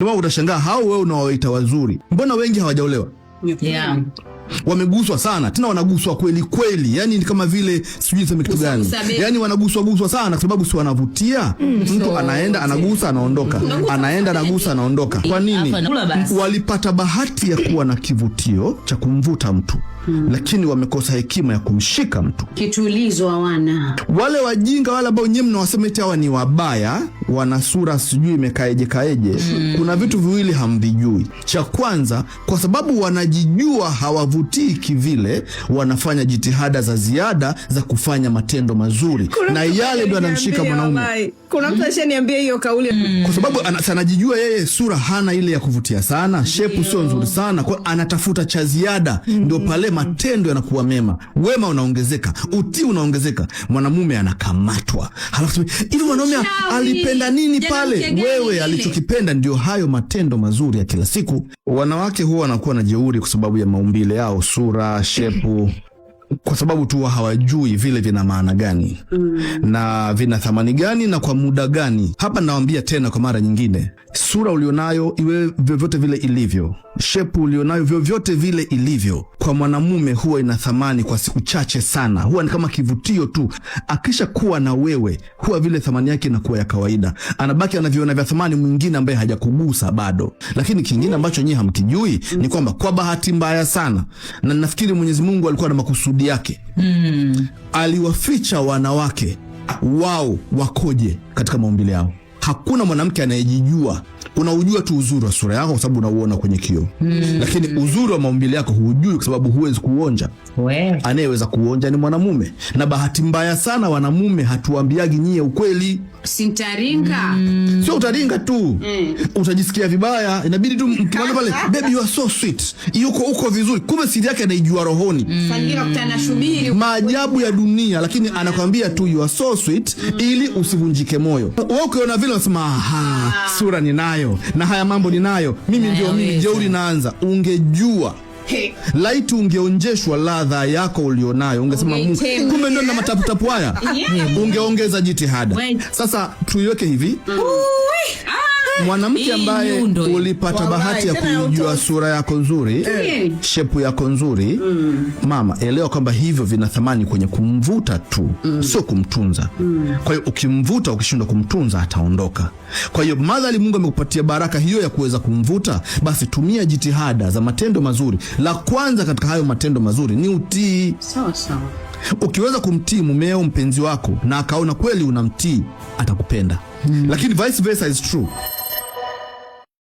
Ndio utashangaa hao wewe unawaita wazuri, mbona wengi hawajaolewa? Yeah. Wameguswa sana tena, wanaguswa kweli kweli, yani ni kama vile sijui niseme kitu gani, yani wanaguswa guswa sana kwa sababu si wanavutia mm. mtu so, anaenda anagusa anaondoka, anaenda anagusa anaondoka. Kwa nini? Walipata bahati ya kuwa na kivutio cha kumvuta mtu Hmm. Lakini wamekosa hekima ya kumshika mtu, kitulizo hawana. Wale wajinga wale ambao nyinyi mnawasemeti hawa ni wabaya wana sura sijui imekaeje kaeje. Mm. Kuna vitu viwili hamvijui. Cha kwanza, kwa sababu wanajijua hawavutii kivile, wanafanya jitihada za ziada za kufanya matendo mazuri kuna na yale ndio anamshika mwanaume. Kuna mtu mm. ashaniambia hiyo kauli. Mm. Kwa sababu anajijua yeye sura hana ile ya kuvutia sana, shepu sio nzuri sana, kwa anatafuta cha ziada. Mm. Ndio pale matendo yanakuwa mema, wema unaongezeka, utii unaongezeka, mwanamume anakamatwa. Halafu hivi mwanaume alipenda Unapenda yaani nini pale? Wewe alichokipenda ndio hayo matendo mazuri ya kila siku. Wanawake huwa wanakuwa na jeuri kwa sababu ya maumbile yao, sura, shepu kwa sababu tu hawajui vile vina maana gani mm, na vina thamani gani na kwa muda gani. Hapa nawaambia tena kwa mara nyingine, sura ulionayo iwe vyovyote vile ilivyo shepu ulionayo, vyovyote vile ilivyo, kwa mwanamume huwa ina thamani kwa siku chache sana, huwa ni kama kivutio tu. Akisha kuwa na wewe, huwa vile thamani yake inakuwa ya kawaida, anabaki anaviona vya thamani mwingine ambaye hajakugusa bado. Lakini kingine ambacho nyinyi hamkijui ni kwamba kwa bahati mbaya sana, na nafikiri Mwenyezi Mungu alikuwa na makusudi yake, hmm, aliwaficha wanawake wao wakoje katika maumbile yao. Hakuna mwanamke anayejijua unaujua tu uzuri wa sura yako kwa sababu unauona kwenye kioo mm. Lakini uzuri wa maumbile yako huujui kwa sababu huwezi kuonja anayeweza kuonja ni mwanamume, na bahati mbaya sana wanamume hatuambiagi nyie ukweli. Sintaringa mm. Sio utaringa tu mm. Utajisikia vibaya, inabidi tu mtumane pale baby you are so sweet, yuko uko vizuri, kumbe siri yake anaijua rohoni mm. Maajabu ya dunia, lakini mm. anakwambia tu you are so sweet mm. ili usivunjike moyo wewe. Ukiona vile unasema aha, ah. sura ninayo na haya mambo ninayo mimi, ndio mimi jeuri naanza. Ungejua Laiti ungeonjeshwa ladha yako ulionayo, ungesema Mungu, hmm, kumbe ndio na mataputapu haya. Ungeongeza jitihada. Sasa tuiweke hivi mwanamke ambaye ulipata bahati ya kujua sura yako nzuri, eh. shepu yako nzuri, mm. mama, elewa kwamba hivyo vina thamani kwenye kumvuta tu, mm. sio kumtunza. Mm. Kwa hiyo ukimvuta, ukishindwa kumtunza, ataondoka. Kwa hiyo madhali Mungu amekupatia baraka hiyo ya kuweza kumvuta, basi tumia jitihada za matendo mazuri. La kwanza katika hayo matendo mazuri ni utii. Sawa sawa. Ukiweza kumtii mumeo mpenzi wako na akaona kweli unamtii, atakupenda. Hmm. Lakini vice versa is true.